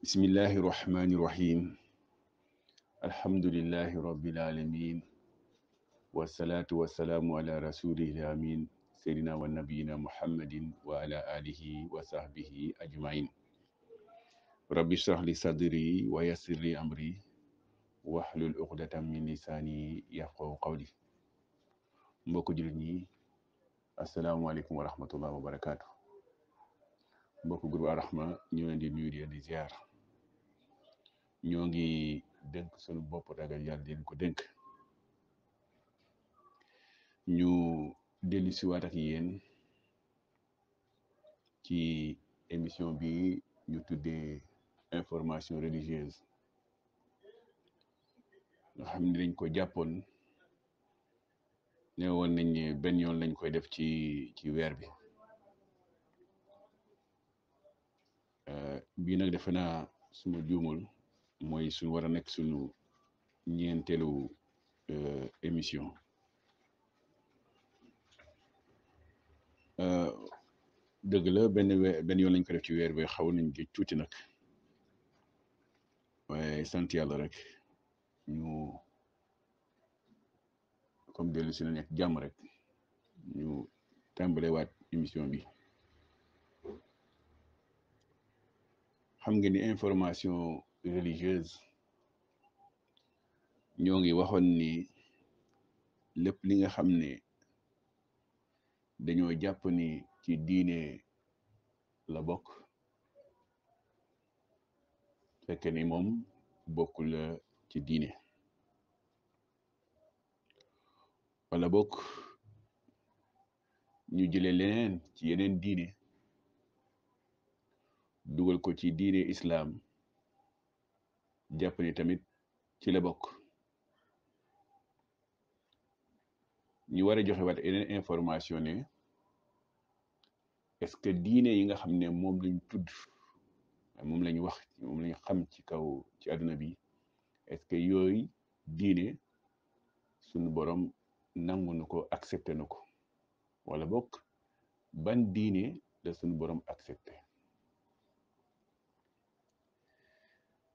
بسم الله الرحمن الرحيم الحمد لله رب العالمين والصلاة والسلام على رسوله الأمين سيدنا ونبينا محمد وعلى آله وصحبه أجمعين رب اشرح لي صدري ويسر لي أمري واحلل عقدة من لساني يفقهوا قولي mbokk جلني السلام عليكم ورحمة الله وبركاته barakaatu mbokk groupe نيوان دي leen di زياره ñoo ngi dénk sunu bopp daga yàlla di leen ko dénk ñu dellu siwaat ak ci émission bi ñu tuddee information religieuse nga xam dañ ko jàppoon ne woon nañ benn yoon lañ koy def ci ci weer bi euh, bii nag defe naa suma juumul mooy suñu war a nekk sunu ñeenteelu euh, émission euh, dëgg la benn we benn lañ ko def ci weer bi xaw nañ ci tuuti nag waaye sant yàlla rek ñu comme dellu si na nekk jàmm rek ñu tàmbale waat émission bi xam nga ni information religieuse ñoo ngi waxoon ni lépp li nga xam ne dañoo jàpp ni ci diine la bokk fekk ni moom bokkul la ci diine wala bokk ñu jële leneen ci yeneen diine dugal ko ci diine islaam jàpp ni tamit ci la bokk ñu war a joxe waat yeneen information ne est-ce que diine yi nga xam ne moom lañ tudd moom lañ wax moom lañ xam ci kaw ci àdduna bi est-ce que yooyu diine suñu borom nangu nu ko accepté nu ko wala bokk ban diine la suñu borom accepté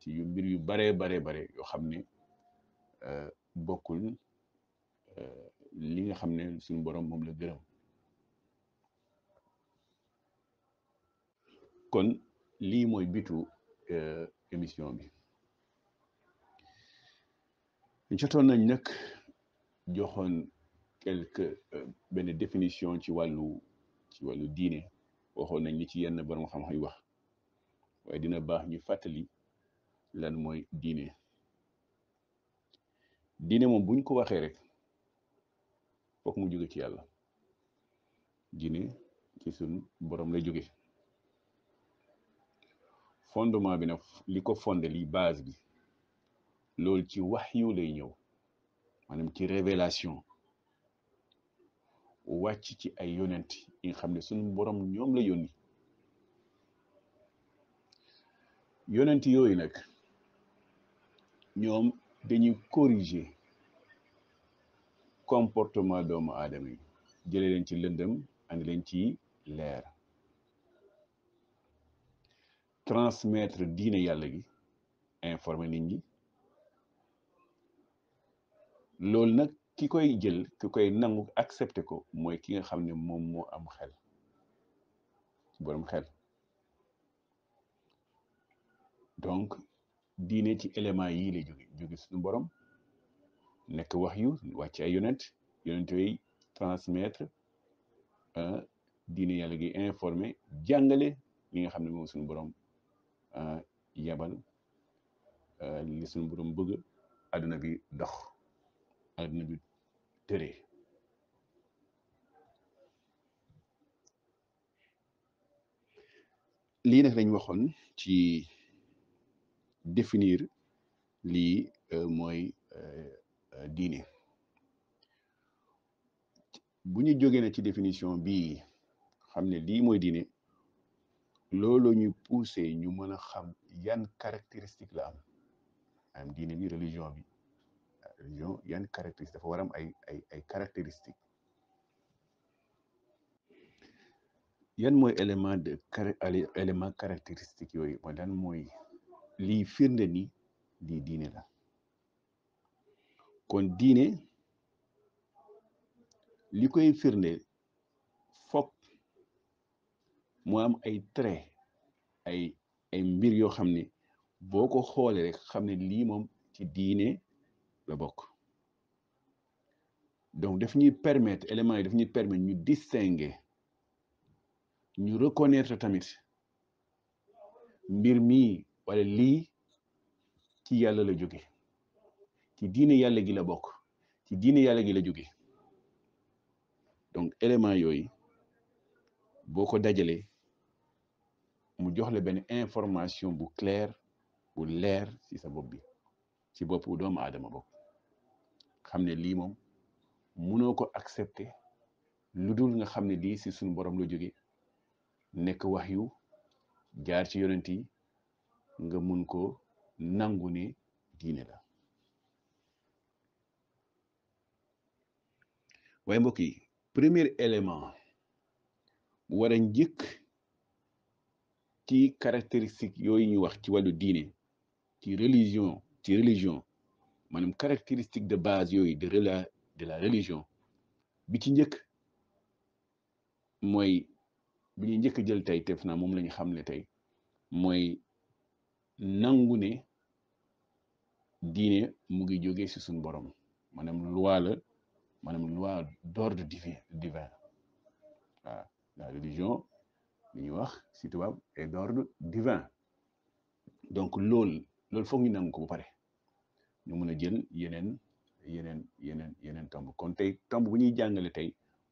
ci yu mbir yu baree baree bare yoo xam ne euh, bokkul euh, li nga xam ne suñu borom moom la gërëm kon lii mooy bitu euh, émission bi jotoon nañ nag joxoon quelque benn définition ci wàllu ci wàllu diine waxoon nañ ni ci yenn borom xam-xam yi wax waaye dina baax ñu fàttali lan mooy diine diine moom buñ ko waxee rek foog mu jóge ci yàlla diine ci suñ borom la jóge fondement bi na li ko fonde li base bi loolu ci wax wahyu lay ñëw maanaam ci révélation wàcc ci ay yonent yi nga xam ne suñu borom ñoom la yónni yonent yooyu nag ñoom dañuy corriger comportement doomu aadama yi jële leen ci lëndëm andi leen ci leer transmettre diine yàlla gi informer nit yi loolu nag ki koy jël ki koy nangu accepter ko mooy ki nga xam ne moom moo am xel boroom xel donc diine ci élément yii la jóge jóge suñu borom nekk wax yu wàcc ay yonent yonent yooyu euh, diine yàlla gi informé jàngale li nga xam ne moom suñu boroom euh, yabal euh, li suñu borom bëgg àdduna bi dox àdduna bi tëree lii nag lañ waxoon ci définir li euh, mooy euh, euh, diine bu ñu jógee na ci définition bi xamné ne moy diné nous ñu ñu xam caractéristique la am am religion bi religion caractéristique dafa ay ay ay caractéristique élément de élément caractéristique li firnde ni di diine la kon diine li koy firnde fop mo am ay trait ay ay mbir yo xam boko boo rek xam li mom ci diine la bok donc daf ñuy permettre élément yi daf ñuy permettre ñu distinguer ñu reconnaître tamit mbir mii wala lii ci yàlla la jóge ci diine yàlla gi la bokk ci diine yàlla gi la jóge donc élément yooyu boo ko dajalee mu jox la benn information bu claire bu leer ci sa bopp bi ci bopp doomu aadama bopp xam ne lii moom mënoo ko accepter lu dul nga xam ne lii ci suñu borom la jóge nekk wax yu jaar ci yonent yi nga mun ko nangu ne diine la waaye mbokk yi premier élément wara njëkk ci caractéristique yooyu ñu wax ci wàllu diine ci religion ci religion maanaam caractéristique de base yooyu de de la religion bi ci njëkk mooy bi ñu njëkk jël tey tef na moom la xam ne tey mooy nangu ne diine mu ngi jóge si suñu borom maanaam loi la maanaam luwa d'ordre divin divin waaw la religion li ñuy wax si tubaab est d'ordre divin donc loolu loolu foog ñu nangu ba pare ñu mën a jël yeneen yeneen yeneen yeneen tomb kon tey tomb bu ñuy jàngale tey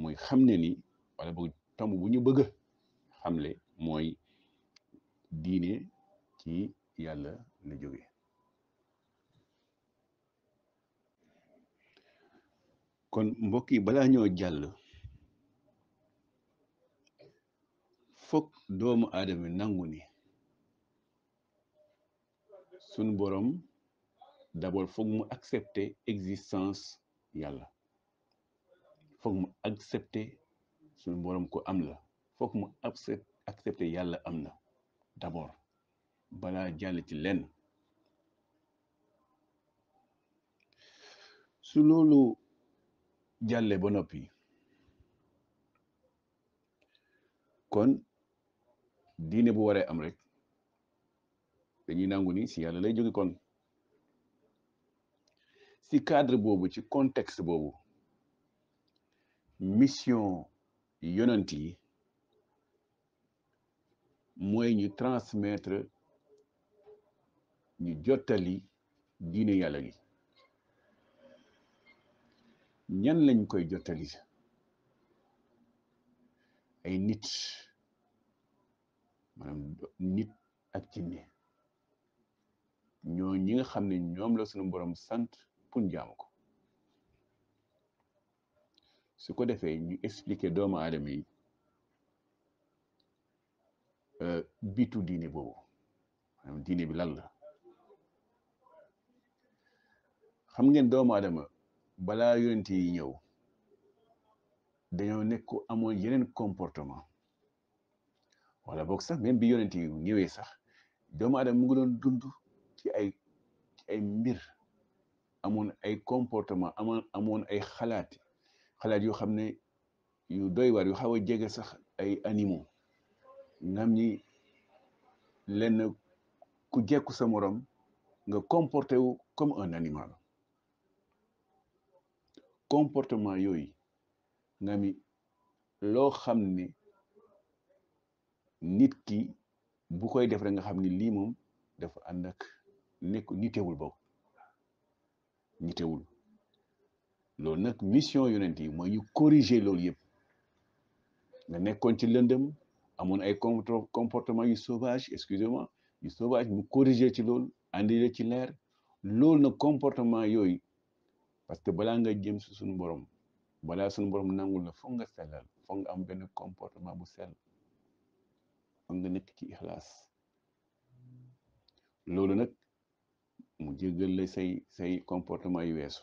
mooy xam ne ni wala boog tomb bu ñu bëgg a xamle mooy diine ci yalla la jóge kon mbokki bala ñoo jall fokk doomu aadama nangu ni sun borom d'abord fokk mu accepter existence yalla fokk mu accepter sun borom ko am la fokk mu accepter yalla am d'abord balaa jàll ci lenn su loolu jàlle ba noppi kon diine bu waree am rek dañuy nangu ni si yàlla lay jóge kon si cadre boobu ci contexte boobu mission yonent yi mooy ñu transmettre ñu jottali diine yàlla gi ñan lañ koy jottali ay nit maanaam nit ak jinne ñoo ñi nga xam ne ñoom la sunu borom sant pour jaamu ko su ko defee ñu expliquer doomu aadama yi euh, bitu diine boobu maanaam diine bi lan la xam ngeen doomu adama balaa yonent yi ñëw dañoo nekk amoon yeneen comportement wala boog sax même bi yonent yi ñëwee sax doomu aadama mu ngi doon dund ci ay ay mbir amoon ay comportement amoon amoon ay xalaat xalaat yoo xam ne yu doy waar yu xaw a jege sax ay animaux ngam ñi lenn ku jekku sa morom nga comporté wu comme un animal comportement yoy ngami lo xamné ne nit ki bu koy def rek nga xamné ne mom moom dafa ànd ak nekk nitewul bok nitewul loolu nak mission yonent yi ñu corriger lool yépp nga nekkoon ci lëndëm amone ay comportement yu sauvage excusez-moi yu sauvage mu corriger ci lool andi la ci leer lool na comportement yoy. parce que balaa nga jëm si suñu borom balaa suñu borom nangul la foog nga sellal foog nga am benn comportement bu sell foog nga nekk ci ixlaas loolu nag mu jéggal la say say comportement yu weesu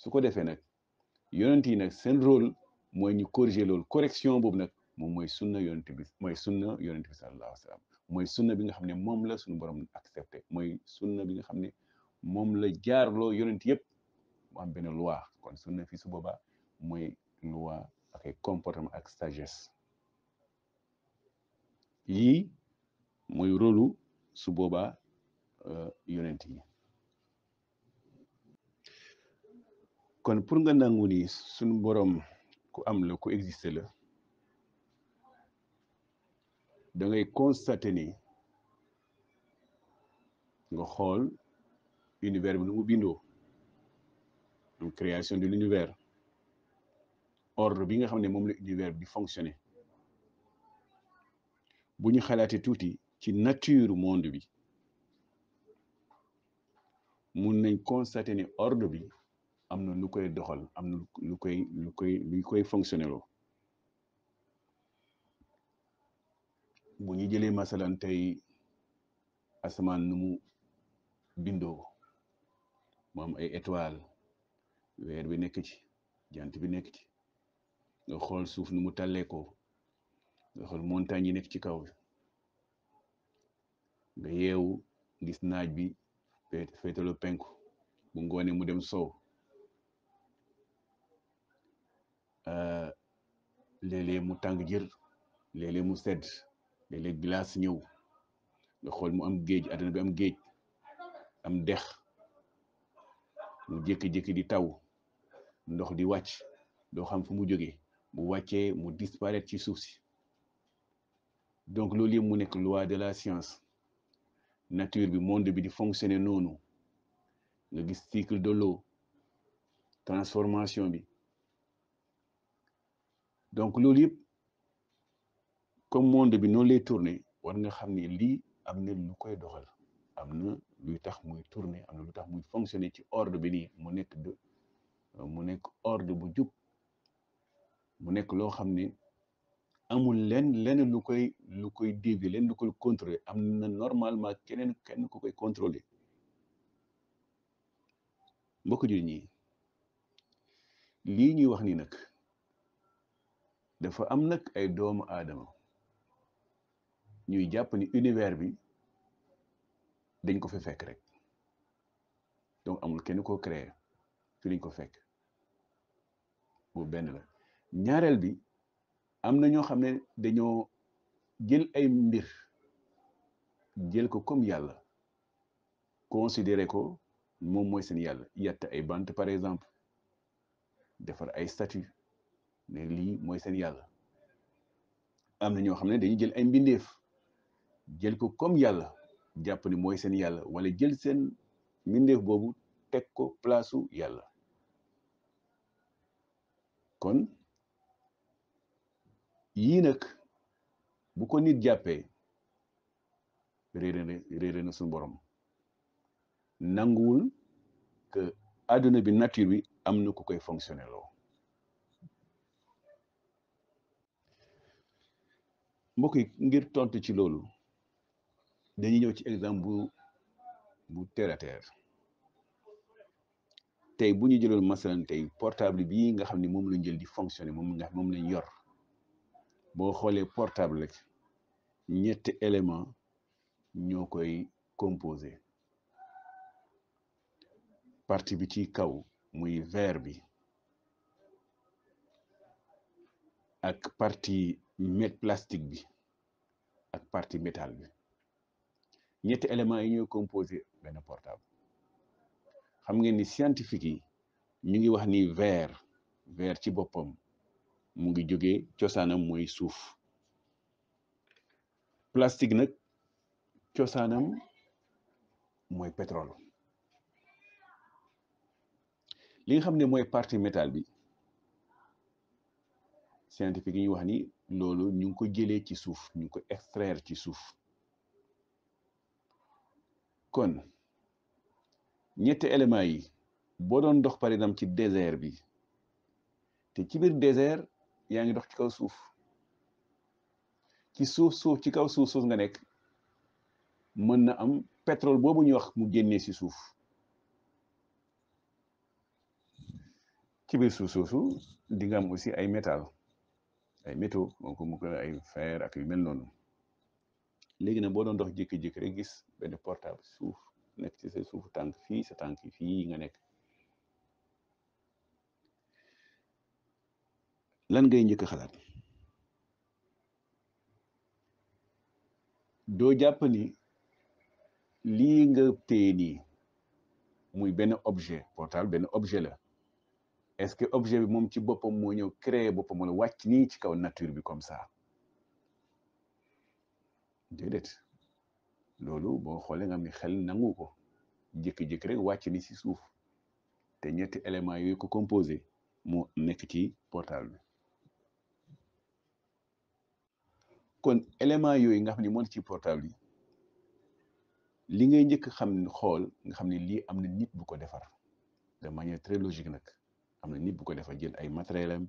su ko defee nag yonent yi nag seen rôle mooy ñu corriger loolu correction boobu nag moom mooy sunna yonent bi mooy sunna yonent bi sallallahu alayhi wa sallam mooy sunna bi nga xam ne moom la suñu borom accepté mooy sunna bi nga xam ne moom la jaarloo yonent yëpp mu am benn loi kon sunna fi su boobaa mooy loi ak ay comportement ak sagesse yii mooy rôlu su boobaa euh, yonent yi kon pour nga nangu ni suñu boroom ku am la ku existe la da ngay constater ni nga xool univers bi nu mu bindoo donc création de l'univers ordre bi nga xamné mom la univers di fonctionner buñu xalaté touti ci nature monde bi mun nañ constater ne ordre bi amna na lu koy doxal amna lu koy lu koy lu koy fonctionner lo buñu jëlé masalan tey asamaan nu ay étoiles weer bi nekk ci jant bi nekk ci nga xool suuf nu mu tàllee ko nga xool montagne yi nekk ci kaw bi nga yeewu gis naaj bi féetalo penku mu ngoonee mu dem sow léeg-léeg mu tàng jër léeg mu sedd léeg-léeg ñëw nga xool mu am géej àddina bi am géej am dex mu jékki-jékki di taw ndox di wàcc doo xam fu mu jógee mu wàccee mu disparaître ci suuf si donc loolu yëpp mu nekk loi de la science nature bi monde bi di fonctionner noonu nga gis cycle de l'eau transformation bi donc loolu yëpp comme monde bi noonu lay tourner war nga xam ne lii am na lu koy doxal am na luy tax muy tourner am na lu tax muy fonctionner ci ordre bi nii mu nekk de mu nekk ordre bu jub mu nekk loo xam ne amul lenn lenn lu koy lu koy dévier lenn lu koy contrôler am na normalement keneen kenn ku koy contrôler mbokk jur ñi lii ñuy wax nii nag dafa am nag ay doomu aadama ñuy jàpp ni univers bi dañ ko fi fekk rek donc amul kenn koo créer fi lañ ko fekk bu ben la ñaarel bi am na ñoo xam ne dañoo jël ay mbir jël ko comme yàlla considéré ko moom mooy seen yàlla yatt ay bant par exemple defar ay statut ne lii mooy seen yàlla am na ñoo xam ne dañuy jël ay mbindeef jël ko comme yàlla jàpp ni mooy seen yàlla wala jël seen mbindeef boobu teg ko placeu yàlla kon yii nag bu ko nit jàppee réere na suñu borom nanguwul que àdduna bi nature bi am na ku koy fonctionner loo mbokk ngir tontu ci loolu dañuy ñëw ci exemple bu bu terre à tey bu ñu jëloon masalan tey portable bi nga xam ni moom lañ jël di fonctionner moom nga moom lañ yor boo xoolee portable rek ñetti élément ñoo koy composé partie bi ci kaw muy vert bi ak partie mét plastique bi ak partie métal bi ñetti éléments yi ñooy composé benn portable mu ngeen ni scientifique yi ñu ngi wax ni ver ver ci boppam mu ngi jóge cosaanam mooy suuf plastique nag cosaanam mooy pétrole li nga xam ne mooy partie métal bi scientifique yi ñu wax ni loolu ñu ngi ko jëlee ci suuf ñu ngi ko extraire ci suuf kon ñetti éléments yi boo doon dox par exemple ci désert bi te ci biir désert yaa ngi dox ci kaw suuf ci suuf suuf ci kaw suuf suuf nga nekk mën na am pétrole boobu ñu wax mu génnee ci suuf ci biir suuf soosu di nga am aussi ay métal ay métaux moom ko mu ko ay fer ak yu mel noonu léegi nag boo doon dox jékki-jékki rek gis benn portable suuf nekk ci sa suuf tànk fii sa tànk fii nga nekk lan ngay njëkk xalaat doo jàpp lii nga téye nii muy benn objet portable benn objet la est-ce que objet bi moom ci boppam moo ñëw créer boppam wala wàcc nii ci kaw nature bi comme ça déedéet loolu boo xoolee nga am ni xel nangu ko jékki-jékki rek wàcc ni si suuf te ñetti éléments yooyu ko composé moo nekk ci portable bi kon éléments yooyu nga xam ni moom ci portable yi li ngay njëkk xam xool nga xam ni lii am na nit bu ko defar de manière très logique nag am na nit bu ko defar jël ay matériel am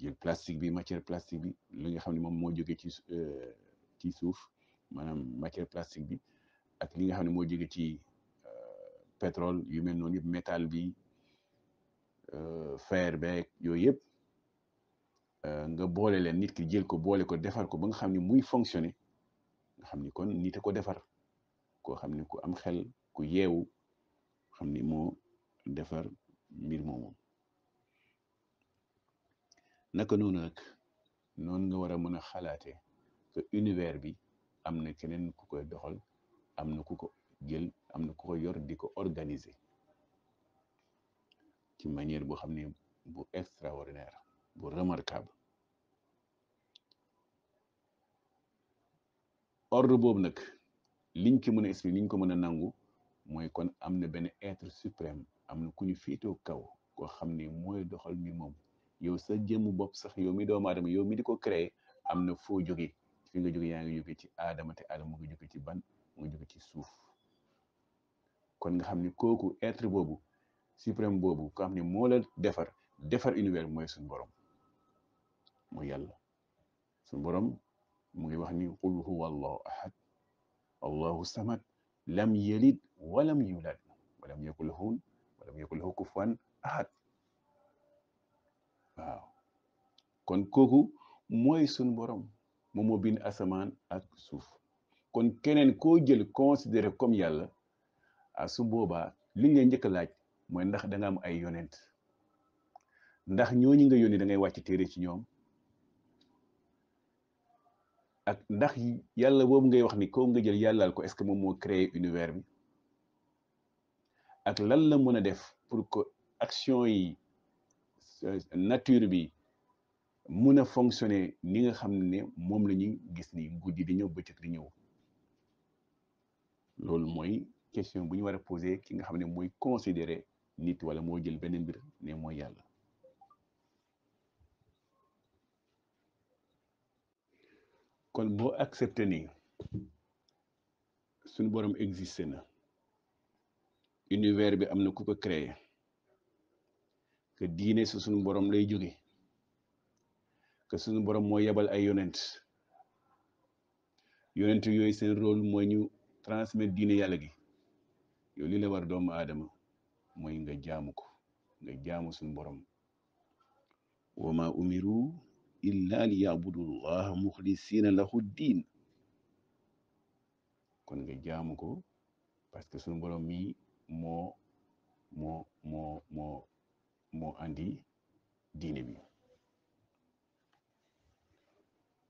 jël plastique bi matière plastique bi li nga xam ne moom moo jóge ci euh, ci suuf manam matière plastique bi ak li nga xamne mo moo ci pétrole yu mel non yeb métal bi fer beeg yooyu yëpp nga bolé len nit ki jël ko bolé ko defar ko ba nga xam muy fonctionner nga xam kon nit ko defar ko xam ku am xel ku yewu xam mo defar mbir moomu naka non nak non nga wara mëna xalaté a que univers bi. am na keneen ku koy doxal am na ku ko jël am na ku ko yor di ko organiser ci manière boo xam ne bu extraordinaire bu remarquable ordre boobu nag liñ ci mën a expliquer liñ ko mën a nangu mooy kon am na benn être suprême am na ku ñu féetoo kaw koo xam ni mooy doxal ni moom yow sa jëmm bopp sax yow mi doomu aadama yow mi di ko créer am na foo jógee fi nga jóge ci aadama te aadama mu ngi jóge ci ban mu ngi jóge ci suuf kon nga xam ni kooku être boobu suprême boobu ne moo la defar defar univers mooy suñu borom mooy yàlla suñu borom mu ngi wax ni qul huwa allahu ahad allahu samad lam yalid walam yulad walam yakul lahu ahad waaw kon kooku mooy suñu borom moom moo bind asamaan ak suuf kon keneen koo jël considéré comme yàlla ah su boobaa li ngay njëkk a laaj mooy ndax da am ay yonent ndax ñooñu nga yónni da ngay wàcc téere ci ñoom ak ndax yàlla boobu ngay wax ni ko nga jël yàllaal ko est-ce que moom moo créé univers bi ak lan la mën a def pour que action yi euh, nature bi mun a fonctionner ni nga xam ne moom la ñuy gis ni guddi di ñëw bëccëg di ñëw loolu mooy question bu ñu war a posé ki nga xam ne mooy considérer nit wala moo jël beneen mbir ne mooy yàlla kon boo accepté ni suñu borom existé na univers bi am na ku ko créé que diine su suñu borom lay jóge que suñu borom moo yebal ay yonent yonent yooyu seen rol mooy ñu transmettre diine yàlla gi yow li la war doomu aadama mooy nga jaamu ko nga jaamu suñu borom wa ma umiru illa li yabudu llaha muxlisina lahu diin kon nga jaamu ko parce que suñu borom mi moo moo moo moo moo andi diine bi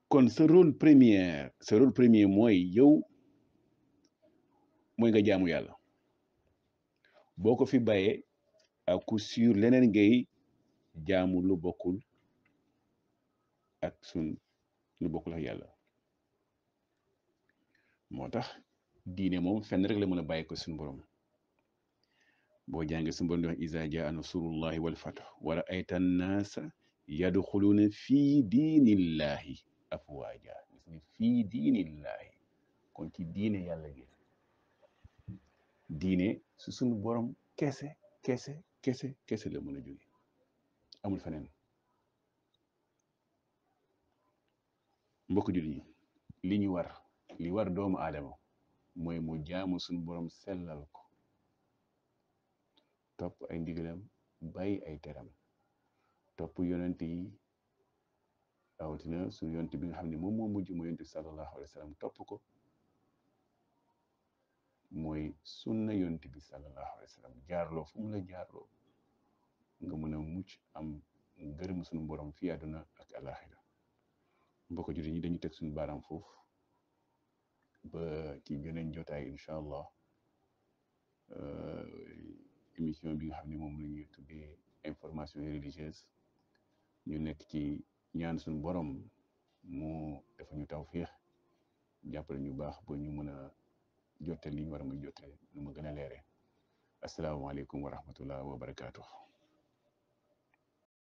kon sa rôle première sa rôle premier mooy yow mooy nga jaamu yàlla boo ko fi bàyyee à coup sûr leneen ngay jaamu lu bokkul ak sun lu bokkul ak yàlla moo tax diine moom fenn rek la mën a bàyyi ko suñu borom boo jàngee suñu borom di wax iza jaa wa wal fath wa ra'ayta annaasa yadxuluuna fi diinillahi afwaaja gis nga fii diinillahi kon ci diine yàlla gi diine su sunu borom kese kese kese kese la mën a jóge amul feneen mbokk jullit ñi li war li war doomu aadama mooy mu jaamu suñu borom sellal ko top ay ndigalam bàyyi ay teram top yonent yi rawatina suñu yonent bi nga xam ne moom moo mujj mooy yonent bi sallallahu alayhi wa sallam topp ko mooy sunna yonent bi sallallahu alayhi wa sallam jaarloo fu mu la jaarloo nga mën a mucc am ngërëm suñu borom fii àdduna ak alaxira mbokk jullit ñi dañu teg suñu baaraam foofu ba ci geneen jotaay incha allah euh, émission bi nga xam ne moom la ñuy tuddee information religieuse ñu nekk ci ñaan suñu borom mu dafa ñu taw fiix jàppale ñu baax ba ñu mën a jotte li ñu war a mën jotte nu gën a leere asalaamaaleykum wa rahmatullah wa barakaatu.